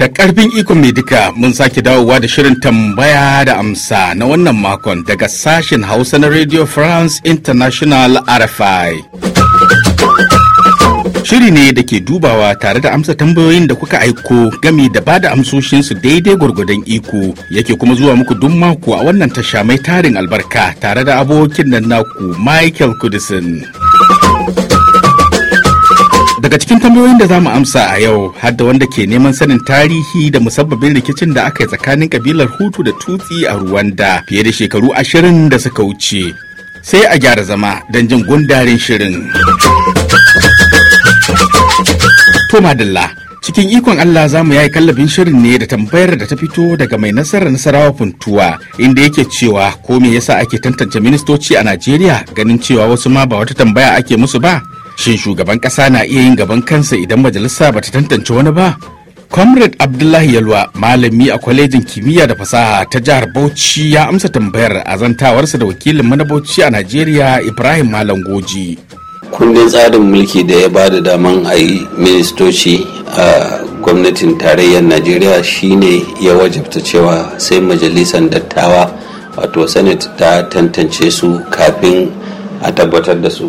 da karfin ikon mai duka mun sake dawowa da shirin tambaya da amsa na wannan makon daga sashen hausa na radio france international rfi shiri ne da ke dubawa tare da amsa tambayoyin da kuka aiko gami da ba da amsoshinsu daidai gwargwadon iko yake kuma zuwa muku duk mako a wannan tasha mai tarin albarka tare da abokin nan naku michael kudisin Daga cikin tambayoyin da za mu amsa a yau har da wanda ke neman sanin tarihi da musabbabin rikicin da aka yi tsakanin kabilar Hutu da Tutsi a Ruwanda fiye da shekaru ashirin da suka wuce. Sai a gyara zama don jin gundarin shirin. To Madalla, cikin ikon Allah za mu yayi kallabin shirin ne da tambayar da ta fito daga mai nasarar nasarawa funtuwa inda yake cewa ko me yasa ake tantance ministoci a Najeriya ganin cewa wasu ma ba wata tambaya ake musu ba. shin shugaban kasa na iya yin gaban kansa idan majalisa ba ta tantance wani ba comrade abdullahi yalwa malami a kwalejin kimiyya da fasaha ta jihar bauchi ya amsa tambayar azantawarsa da wakilin mana bauchi a nigeria ibrahim malam goji kundin tsarin mulki da ya ba da daman a yi ministoci a gwamnatin tarayyar najeriya shine ya wajabta cewa sai majalisar dattawa wato senate ta tantance su kafin a tabbatar da su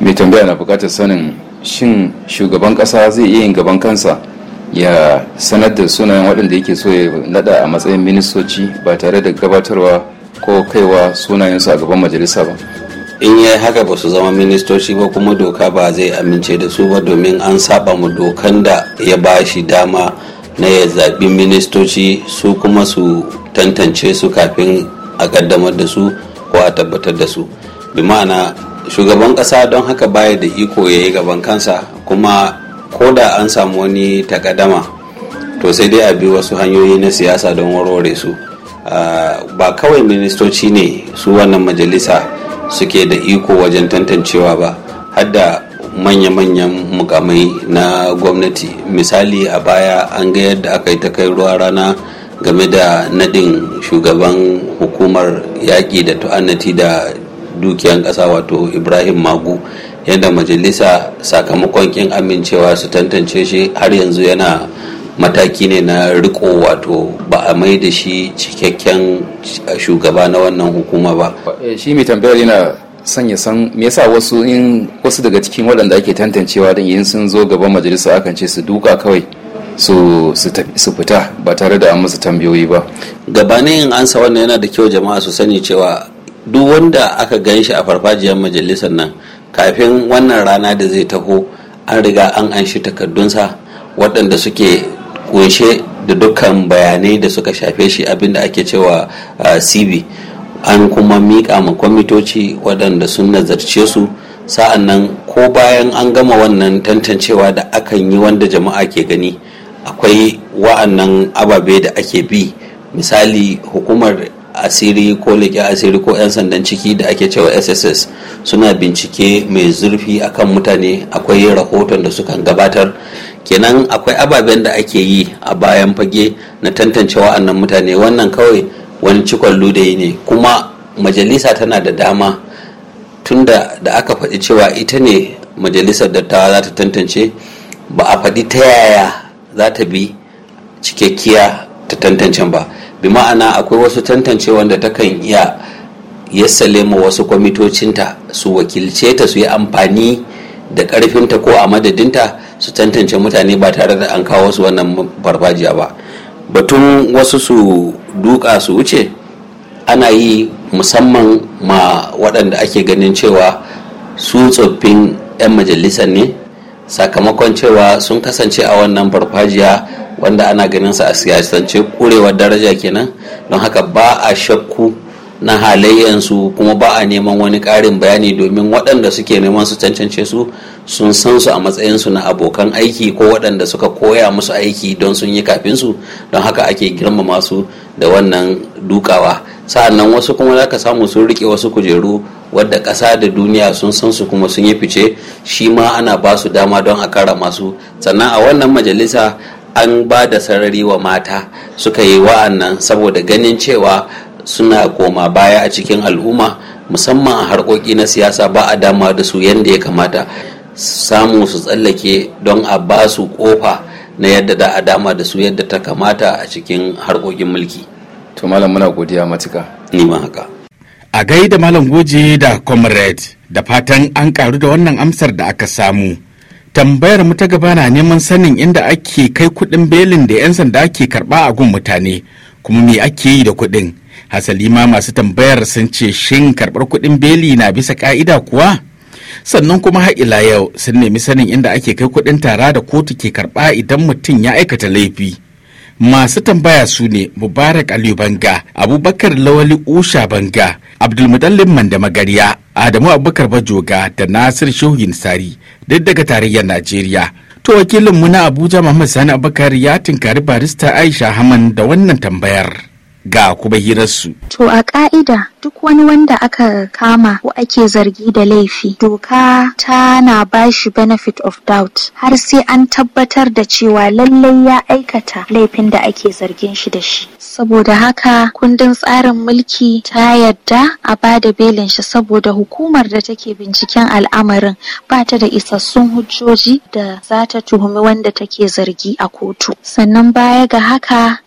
mai tambaya na bukatar sanin shin shugaban kasa zai iya yin gaban kansa ya sanar da sunayen waɗanda yake so ya nada a matsayin ministoci ba tare da gabatarwa ko kaiwa sunayen su a gaban majalisa ba in yi haka ba su zama ministoci ba kuma doka ba zai amince da su ba domin an saba mu dokan da ya ba shi dama na ya zaɓi ministoci su kuma su tantance su kafin a kaddamar da su ko a tabbatar da su bi ma'ana shugaban ƙasa don haka baya da iko ya yi gaban kansa kuma ko da an samu wani takadama to sai dai a bi wasu hanyoyi na siyasa don warware su ah, ba kawai ministoci ne su wannan majalisa suke da iko wajen tantancewa ba hadda manya-manyan mukamai na gwamnati misali a baya an ga yadda aka yi ta kai ruwa rana game da nadin shugaban hukumar yaƙi da ta'annati da dukiyan kasa wato ibrahim magu yadda majalisa sakamakon kin amincewa su tantance shi har yanzu yana mataki ne na riko wato ba a mai da shi cikakken shugaba na wannan hukuma ba eh, shi mai tambayar yana son ya san me yasa wasu in wasu daga cikin waɗanda ake tantancewa din yin sun zo gaban majalisa akan ce su duka kawai su su fita ba tare da an musu tambayoyi ba gabanin ansa wannan yana da kyau jama'a su sani cewa duk wanda aka gan shi a farfajiyar majalisar nan kafin wannan rana da zai taho an riga an anshi takardunsa waɗanda suke kunshe da dukkan bayanai da suka shafe shi abinda ake cewa uh, cv an kuma miƙa ma kwamitoci waɗanda sun nazarce su sa'an nan ko bayan an gama wannan tantancewa da akan yi wanda jama'a ke gani akwai wa'annan ababe da ake bi misali hukumar asiri ko leƙe asiri ko 'yan sandan ciki da ake cewa sss suna bincike mai zurfi akan mutane akwai rahoton da sukan gabatar kenan akwai ababen da ake yi a bayan fage na tantance wa'annan mutane wannan kawai wani cikon ludayi ne kuma majalisa tana da dama tunda da aka faɗi cewa ita ne majalisar dattawa za ta tantance ba a faɗi ta yaya za ta bi cikakkiya ta tantance ba bi ma'ana akwai wasu tantance wanda ta kan iya ya ma wasu kwamitocinta su wakilce ta su yi amfani da karfinta ko a madadinta su tantance mutane ba tare da an kawo su wannan farfajiya ba batun wasu su duka su wuce ana yi musamman ma waɗanda ake ganin cewa su tsoffin 'yan majalisar ne sakamakon cewa sun kasance a wannan farfajiya wanda ana ganin sa a siyasance kurewar daraja kenan don haka ba a shakku na halayyansu kuma ba a neman wani ƙarin bayani domin waɗanda suke neman su cancance su sun san su a matsayinsu na abokan aiki ko waɗanda suka koya musu aiki don sun yi kafin su don haka ake girmama su da wannan dukawa sa'annan wasu kuma za ka samu sun rike wasu kujeru wadda ƙasa da duniya sun san su kuma sun yi fice shi ma ana ba su dama don a kara masu sannan a wannan majalisa an ba da sarari wa mata suka yi wa'annan saboda ganin cewa suna koma baya a cikin al'umma musamman a harkoki na siyasa ba a dama da su yadda ya kamata samu su tsallake don a ba su kofa na yadda da a dama da su yadda ta kamata a cikin harkokin mulki to malam muna godiya matuka ni ma haka a gaida malam goje da comrade da fatan an karu da wannan amsar da aka samu tambayar mu ta gaba na neman sanin inda ake kai kuɗin belin da 'yan sanda ake karɓa a gun mutane kuma me ake yi da kuɗin hasali ma masu tambayar sun ce shin karɓar kuɗin beli na bisa ƙa'ida kuwa sannan kuma Haila yau sun nemi sanin inda ake kai kuɗin tara da kotu ke karɓa idan mutum ya aikata laifi masu tambaya su ne mubarak aliyu banga abubakar lawali usha banga abdulmutallin mandamagariya Adamu Abubakar Bajoga da Nasir Shehu Sari duk daga tarayyar Najeriya. To wakilin mu na Abuja Muhammad Sani Abubakar ya tinkari barista Aisha Haman da wannan tambayar. Ga kuma hirarsu. To a ƙa'ida duk wani wanda aka kama ko ake zargi da laifi doka ta na ba shi benefit of doubt har sai an tabbatar da cewa lallai ya aikata laifin da ake zargin shi da shi saboda haka kundin tsarin mulki ta yadda a ba da belin shi saboda hukumar da take binciken al'amarin ba ta da isassun hujjoji da za ta tuhumi wanda take zargi a kotu sannan baya ga haka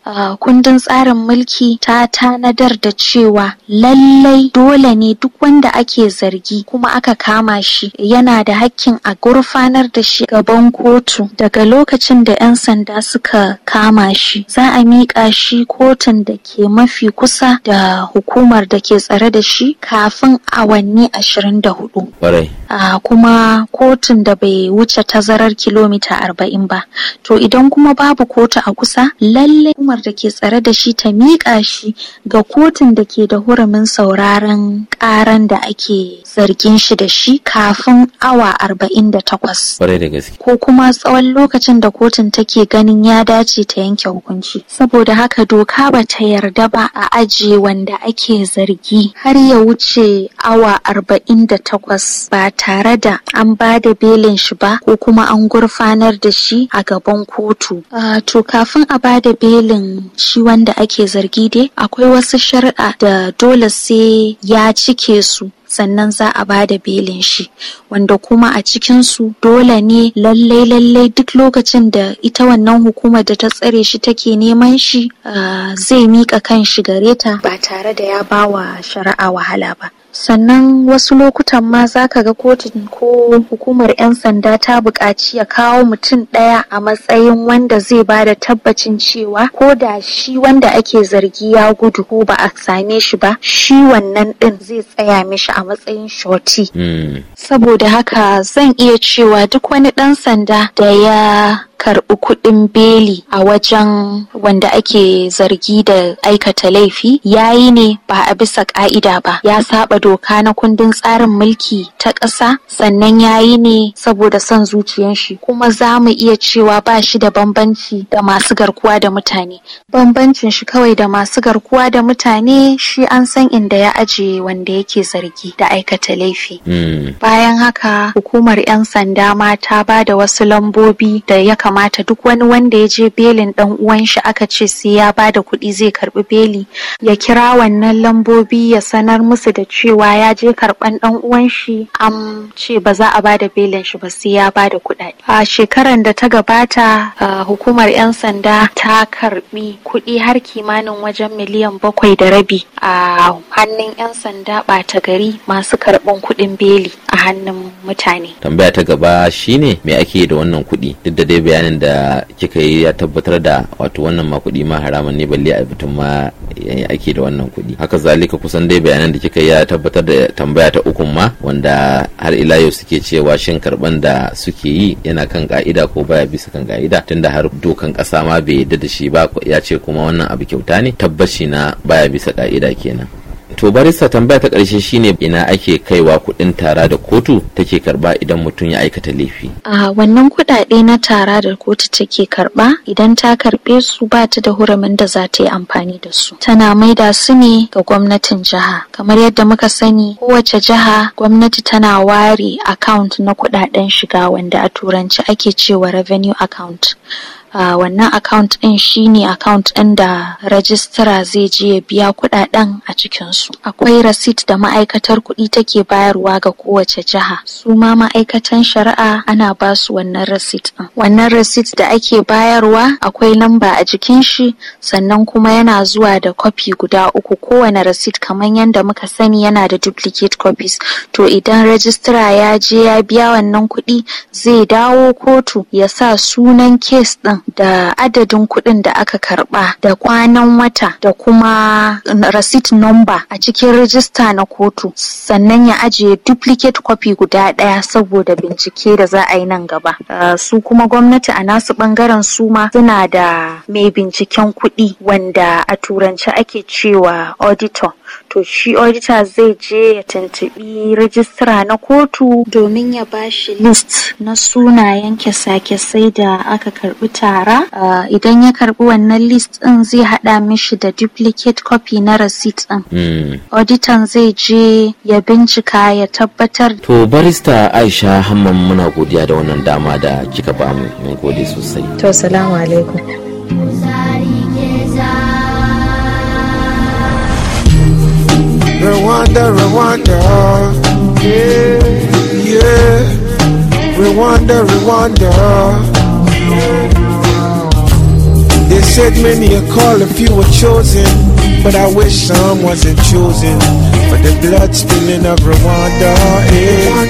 kundin tsarin mulki ta tanadar da cewa lallai lallai dole ne duk wanda ake zargi kuma aka kama shi yana da hakkin a gurfanar da shi gaban kotu daga lokacin da 'yan sanda suka kama shi za a miƙa shi kotun da ke mafi kusa da hukumar da ke tsare da shi kafin awanni ashirin 24 a kuma kotun da bai wuce tazarar kilomita arba'in ba to idan kuma babu kotu a kusa lallai hukumar da ke tsare da shi ta miƙa shi ga kotun da ke da hurumin sauraron karan da ake zargin shi da shi kafin awa 48 ko kuma tsawon lokacin da kotun take ganin ya dace ta yanke hukunci saboda haka doka ba ta yarda ba a ajiye wanda ake zargi har ya wuce awa arba'in da takwas ba tare da an ba da belin shi ba ko kuma an gurfanar da shi a gaban kotu to kafin a ba da belin shi wanda ake zargi dai akwai wasu shari'a da dole sai ya cike su sannan za a ba da belin shi wanda kuma a cikinsu dole ne lallai lallai duk lokacin da ita wannan hukumar da ta tsare shi take neman shi ah, zai mika kan shi gare ta ba tare da ya bawa shari'a wahala ba sannan wasu lokutan ma za ka ga kotun ko hukumar 'yan sanda ta buƙaci ya kawo mutum ɗaya a matsayin wanda zai ba da tabbacin cewa ko da shi wanda ake zargi ya gudu ko ba a same shi ba shi wannan ɗin zai tsaya mishi a matsayin shoti hmm. saboda haka zan iya cewa duk wani ɗan sanda da ya karɓi kuɗin beli a wajen wanda ake zargi da aikata laifi ya yi ne ba a bisa ƙa'ida ba ya saba doka na kundin tsarin mulki ta ƙasa sannan ya yi ne saboda son zuciyan shi kuma za mu iya cewa ba shi da bambanci da masu garkuwa da mutane bambancin shi kawai da masu garkuwa da mutane shi an san inda ya ajiye wanda yake zargi da aikata laifi hmm. bayan haka hukumar 'yan sanda ma ta ba da wasu lambobi da ya kamata duk wani wanda ya je belin dan uwan shi aka ce sai ya bada kuɗi zai karbi beli ya kira wannan lambobi ya sanar musu da cewa ya je karban dan uwan shi am ce ba za a bada belin shi ba sai ya bada kuɗaɗe a shekaran da ta gabata hukumar yan sanda ta karbi kuɗi har kimanin wajen miliyan bakwai da rabi a hannun yan sanda ɓata gari masu karɓan kuɗin beli a hannun mutane tambaya ta gaba shine me ake da wannan kuɗi duk da dai bayanin da kika yi ya tabbatar da wato wannan ma kuɗi ma haramun ne balle a batun ma ake da wannan kuɗi haka zalika kusan dai bayanan da kika yi ya tabbatar da tambaya ta uku ma wanda har ila yau suke cewa shin karban da suke yi yana kan ka'ida ko baya bisa kan ka'ida tunda har dokan kasa ma bai yadda da shi ba ya ce kuma wannan abu kyauta ne tabbaci na baya bisa ka'ida kenan to barista tambaya ta ƙarshe shine ina ake kaiwa kuɗin tara da kotu take karba idan mutum ya aikata laifi a wannan kuɗaɗe na tara da kotu take karɓa idan ta karɓe su ba ta da huramin da za ta yi amfani da su tana maida su ne ga gwamnatin jiha kamar yadda muka sani kowace jiha gwamnati tana ware account na kuɗaɗen shiga wanda a turanci ake cewa revenue account wannan account ɗin shine account ɗin da rajistara zai je ya biya kuɗaɗen a cikinsu akwai receipt da ma'aikatar kuɗi take bayarwa ga kowace jiha su ma ma'aikatan shari'a ana ba su wannan receipt ɗin wannan receipt da ake bayarwa akwai lamba a jikin shi sannan kuma yana zuwa da kwafi guda uku kowane receipt kamar yadda muka sani yana da duplicate copies to idan rajistara ya je ya biya wannan kuɗi zai dawo kotu ya sa sunan kes ɗin da adadin kuɗin da aka karɓa da kwanan wata da kuma receipt number a cikin rijista na kotu sannan ya ajiye duplicate copy guda ɗaya saboda bincike da za a yi nan gaba ah, su kuma gwamnati a nasu ɓangaren su ma suna da mai binciken kuɗi wanda a turanci ake cewa auditor to shi auditor zai je ya tuntubi rajistra na kotu domin ya bashi list na sunayen kyasa-kyasai da aka karbi tara ah, idan ya karbi wannan list din zai hada mishi da duplicate copy na receipt din hmm. auditor zai je ya bincika ya tabbatar to barista aisha hamman muna godiya da wannan dama da kika bamu mun gode sosai to salamu alaikum Rwanda, Rwanda. Yeah, yeah. Rwanda, Rwanda. They said many a call a few were chosen, but I wish some wasn't chosen. for the blood spilling of Rwanda, eh?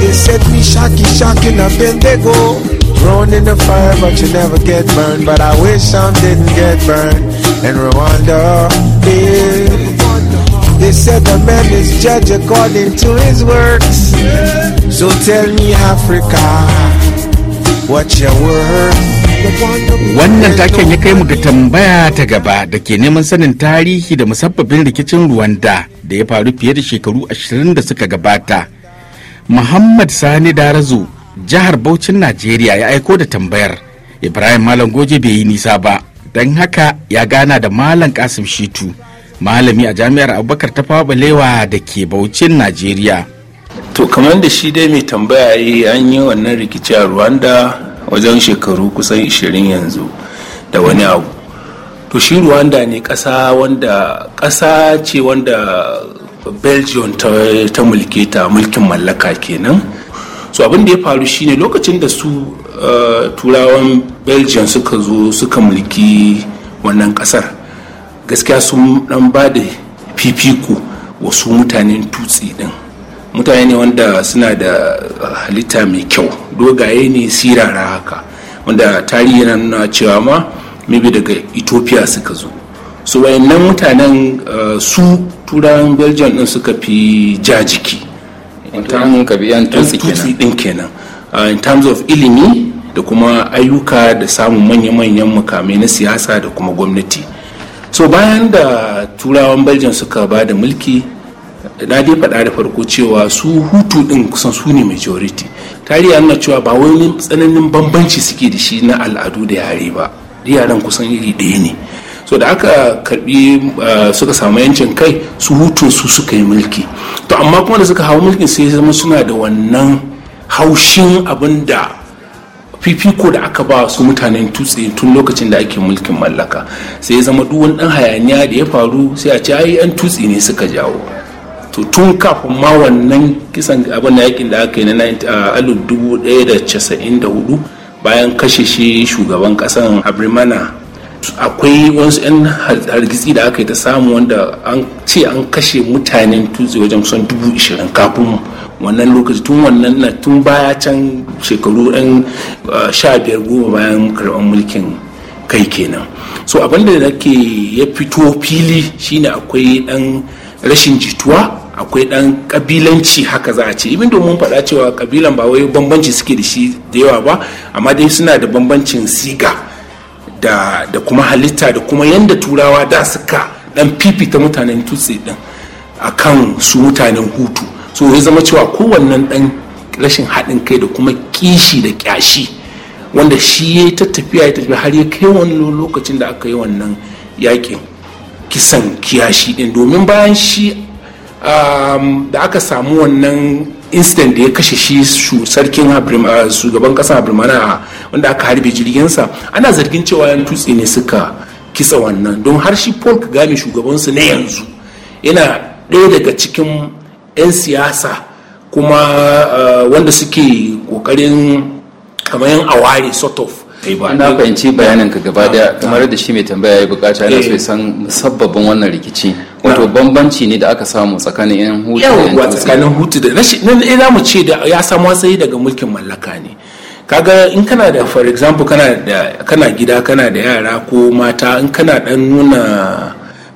They said me shocky, shocking, up have they go. Thrown in the fire, but you never get burned. But I wish some didn't get burned in Rwanda. Yeah. They said the man is judged according to his works. So tell me, Africa, what's your worth? Wannan taken ya kai mu ga tambaya ta gaba da ke neman sanin tarihi da musabbabin rikicin Ruwanda da ya faru fiye da shekaru ashirin da suka gabata. Muhammad Sani Darazo, jihar Bauchin Najeriya ya aiko da tambayar. Ibrahim Malam Goje bai yi nisa ba, don haka ya gana da Malam Kasim Shitu. malami a jami'ar abubakar ta balewa da ke baucin najeriya to kamar da shi dai mai tambaya yi an yi wannan rikici a rwanda wajen shekaru kusan 20 yanzu da wani abu to shi rwanda ne ƙasa wanda ƙasa ce wanda belgium ta, ta mulke ta mulkin mallaka kenan so abin da ya faru shine lokacin da su eh, turawan belgium suka zo suka mulki wannan ƙasar gaskiya sun dan ba da fifiko wasu mutanen tutsi din mutane ne wanda suna da halitta mai kyau dogaye ne sirara haka wanda tarihi na nuna cewa ma maybe daga ethiopia suka zo su wayannan mutanen eh, su turan belgium din suka fi jajiki tutsi din kenan ah, in terms of ilimi da kuma ayyuka da samun manya-manyan makamai na siyasa da kuma gwamnati so bayan da turawan belgium suka ba da mulki na dai faɗa da farko cewa su hutu ɗin kusan su ne majority tarihi na cewa ba wani tsananin bambanci suke da shi na al'adu da yare ba yaran kusan iri ɗaya ne so da aka karbi eh, suka samu yancin kai su hutu su suka yi mulki to amma kuma da suka hau mulkin sai zama suna da wannan haushin abin da fifiko da aka ba su mutanen tutse tun lokacin da ake mulkin mallaka sai ya zama duk dan hayaniya da ya faru sai a ce ai yan tutse ne suka jawo to tun kafin ma wannan kisan abin da yakin da aka yi na 1994 bayan kashe shi shugaban kasan abrimana akwai wasu 'yan hargitsi da aka yi ta samu wanda an ce an kashe mutanen tutse wajen kusan dubu ishirin kafin wannan lokaci tun wannan na tun baya can shekaru ɗan uh, biyar goma bayan karɓar mulkin kai kenan so abinda da nake ya fito fili shine akwai ɗan rashin jituwa akwai ɗan kabilanci haka za a ce ibin domin faɗa cewa kabilan ba wai bambanci suke da shi da yawa ba amma dai suna da bambancin siga da, kuma halitta da kuma yadda turawa da suka ɗan fifita mutanen tutse din akan su mutanen hutu so ya zama cewa kowannen dan rashin haɗin kai da kuma kishi da kyashi wanda shi ya ta tafiya ya tafiya har ya kai wani lokacin da aka yi wannan yakin kisan kiyashi din domin bayan shi da aka samu wannan instant da ya kashe shi sarkin shugaban kasa abirmana wanda aka harbe jirginsa ana zargin cewa yan tutsi ne suka kisa wannan don har shi paul gami shugabansu na yanzu yana ɗaya daga cikin 'yan siyasa kuma eh, wanda suke kokarin kamar yan aware sort of na fahimci bayanin ka gaba daya kamar da shi mai tambaya ya bukata yana so eh. san musabbabin wannan rikici wato bambanci ne da aka samu tsakanin yan hutu yawwa tsakanin hutu da na eh, mu ce da ya samu watsayi daga mulkin mallaka ne kaga in kana da for example kana kana gida kana da yara ko mata in kana dan nuna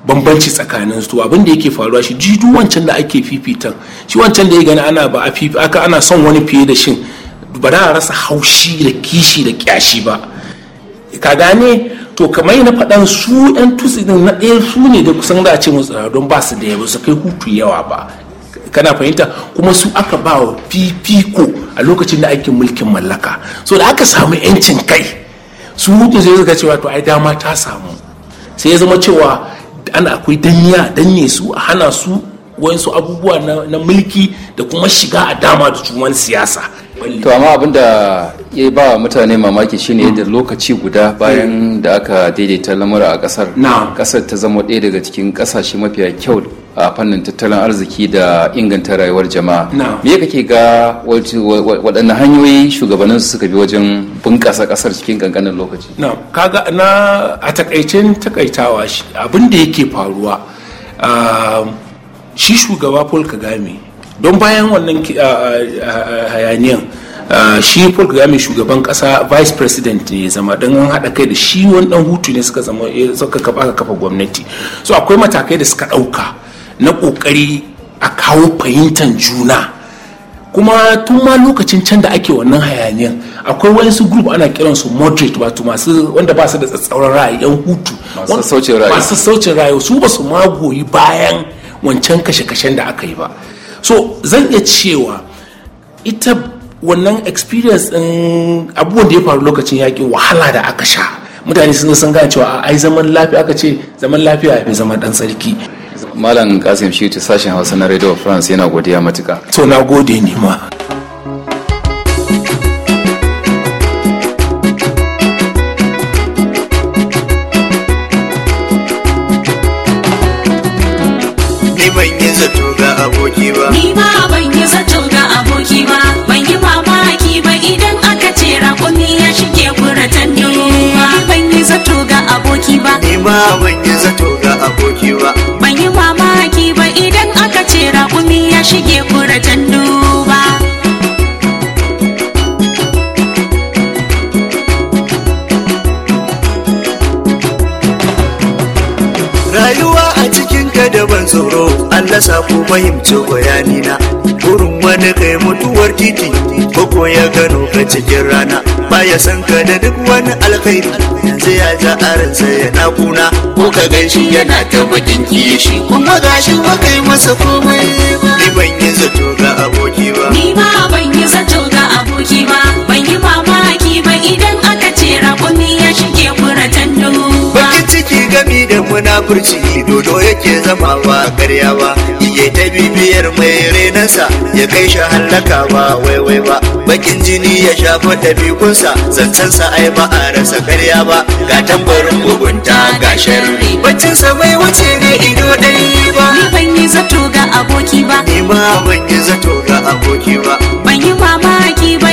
bambanci tsakanin su abin da yake faruwa shi ji duk wancan da ake fifitan shi wancan da ya gani ana ba a fifi aka ana son wani fiye da shin ba da rasa haushi da kishi da kyashi ba ka gane to kamar na faɗan su yan tutsi din na ɗaya su ne da kusan da a ce musu ah, don ba su da yawa su kai hutu yawa ba kana fahimta kuma su aka ba wa fifiko a lokacin da ake mulkin mallaka so da aka samu yancin kai su hutu sai suka cewa to ai dama ta samu sai ya zama cewa ana akwai danya danye su a hana su wayansu abubuwa na mulki da kuma shiga a dama da juman siyasa to amma abin da ya ba mutane mamaki shine yadda lokaci guda bayan da aka daidaita lamura a kasar kasar ta zama ɗaya daga cikin kasashe mafiya kyau a fannin tattalin arziki da inganta rayuwar jama'a me kake ga waɗanne hanyoyi shugabannin su suka bi wajen bunƙasa ƙasar cikin ƙanƙanin lokaci kaga na a takaicen takaitawa abin da yake faruwa ah, shi shugaba paul kagame don bayan wannan hayaniyan shi paul mai shugaban kasa vice president ne zama don an haɗa kai da shi wani dan hutu ne suka zama eh, suka kafa kafa gwamnati so akwai matakai da suka ɗauka na ƙoƙari a kawo fahimtar juna kuma tun ma lokacin can da ake wannan hayaniyan akwai wayansu group ana kiran su moderate wato masu wanda ba su da tsatsauran ra'ayi yan hutu masu saucin ra'ayi su ba su ma goyi bayan wancan kashe-kashen da aka yi ba so zan iya cewa ita wannan experience din abubuwan da ya faru lokacin yaƙi wahala da aka sha mutane sun san gane cewa ai zaman lafiya aka ce zaman lafiya ya zama dan sarki malam kasim shi ta sashen hausa na radio france yana godiya matuka to na gode ne ma kiba. kiba. ku fahimci bayanina gurin wani kai mutuwar titi ko ya gano ka cikin rana baya san ka da duk wani alkhairi yanzu ya ja aransa na kuna ko ka gan shi yana ta bakin kishi kuma shi wa kai masa komai ni ban yi zato ga aboki ba ni ma ban yi zato kurci dodo yake zama ba karya ba iye ta bibiyar mai renansa ya kai shi hallaka ba wai-wai ba bakin jini ya shafa ɗabi'unsa zancensa ai ba a rasa karya ba ga tambarin mugunta ga sharri sa mai wuce ne ido dai ba ni ban yi zato ga aboki ba ni ma ban yi zato ga aboki ba ban yi mamaki ba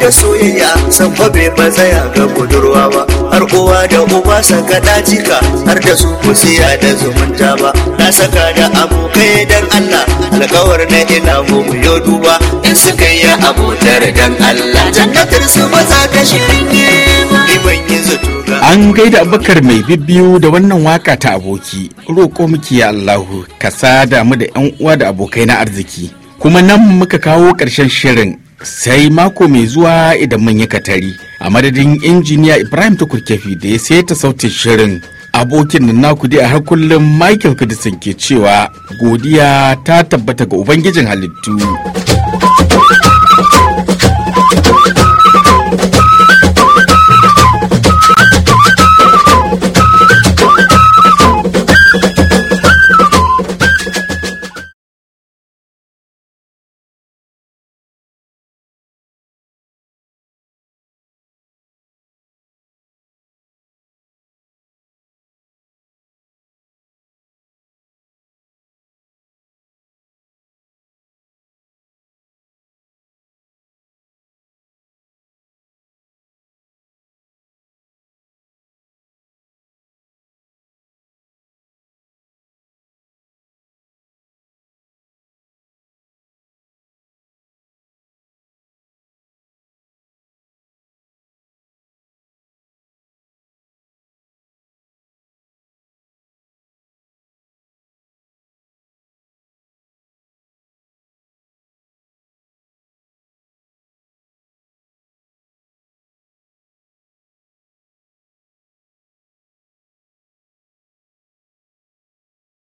da soyayya san fa bai matsaya ga budurwa ba har uwa da uba saka ɗajika har da su kusiya da zumunta ba na saka da abokai dan Allah alkawar na ina mu yo duba in suka yi abotar dan Allah jannatar su ba za ta shirye ba ban yi An gaida abubakar mai bibbiyu da wannan waka ta aboki, roƙo miki ya Allahu, ka sada mu da 'yan uwa da abokai na arziki. Kuma nan muka kawo ƙarshen shirin sai mako mai zuwa idan mun yi katari a madadin injiniya ibrahim tukurkefi da ya saita sautin shirin abokin da naku dai a har kullum michael kudisin ke cewa godiya ta tabbata ga ubangijin halittu.